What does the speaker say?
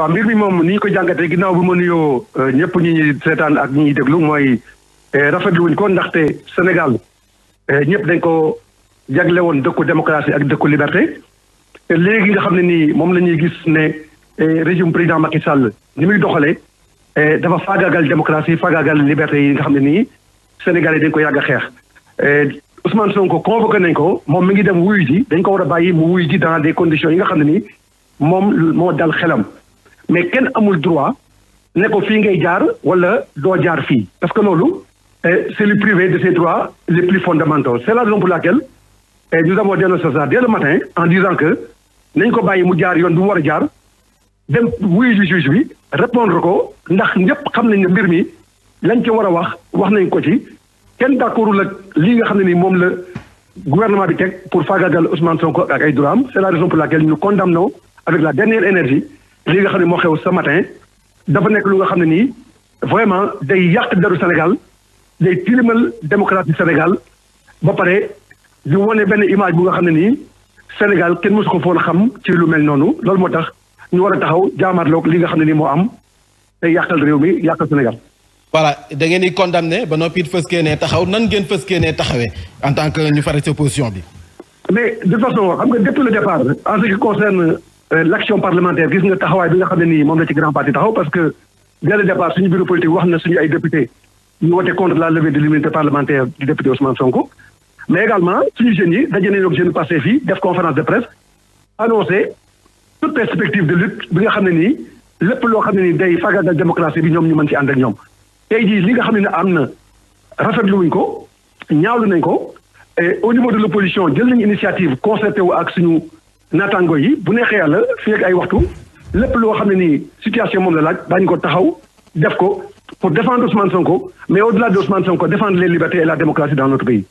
waaw mbir mi moom ni ñu ko jàngatee ginnaaw bu ma nuyoo euh, ñëpp ñu ñuy seetaan ak ñi ñuy déglu mooy euh, rafetlu wuñ ko ndaxte Sénégal euh, ñëpp dañ ko jagle woon dëkku démocratie ak dëkku liberté léegi nga xam ne nii moom la ñuy gis ne régime président Macky ni muy doxalee dafa faagaagal démocratie faagaagal liberté yi nga xam ne nii Sénégal yi dañ ko yàgg a xeex Ousmane Sonko convoqué nañ ko moom mi ngi dem wuyu ji dañ ko war a bàyyi mu wuyu ji dans des conditions yi nga xam ne nii moom moo dal xelam mais quel amul droit ne ko ngay ou wala droit parce que nous, eh, c'est le privé de ses droits les plus fondamentaux c'est la raison pour laquelle eh, nous avons ça dès le matin en disant que nous ko mu répondre ko ndax xam mbir mi lañ ci wax wax nañ gouvernement pour Ousmane Sonko ak ay c'est la raison pour laquelle nous condamnons avec la dernière énergie li nga xamni mo xew ce matin dafa nek lu nga xamni ne vraiment day yàq deru senegal day tilimal démocratie senegal ba pare di woné ben image bu nga xamni ne nii Sénégal kenn mosu ko foon xam ci lu mel nonu loolu motax ñu wara a taxaw jaamaarloog li nga xamni ne nii am day yakal réew mi yàqal Sénégal. voilà da ngeen di condamné ba noppi it fës taxaw nan ngeen fës kee ne en tant que ñu faré ci opposition bi. mais de toute façon xam nga depuis le départ en ce qui concerne. Euh, l'action parlementaire gis nga taxaway bi nga xamné ni mom la ci grand parti taxaw parce que dès le départ suñu bureau politique wax na suñu ay députés ñu contre la levée de l'immunité parlementaire du député Ousmane Sonko mais également suñu jeune yi dajé nañu ak jeunes passé fi def conférence de presse annoncé toute perspective de lutte bi nga xamné ni lepp lo xamné ni day nii la démocratie bi ñom ñu mën ci and ak ñom tay ji li nga xamné ni amna am rafetlu wuñ ko ñaawlu nañ ko et au niveau de l'opposition jël nañu initiative concerté wu ak suñu naataango yi bu n'êtes rien. fi ak ay waxtu lepp lo ne situation mom la laaj ko taxaw def ko pour défendre Ousmane Sonko mais au-delà de Ousmane Sonko défendre les libertés et la démocratie dans notre pays.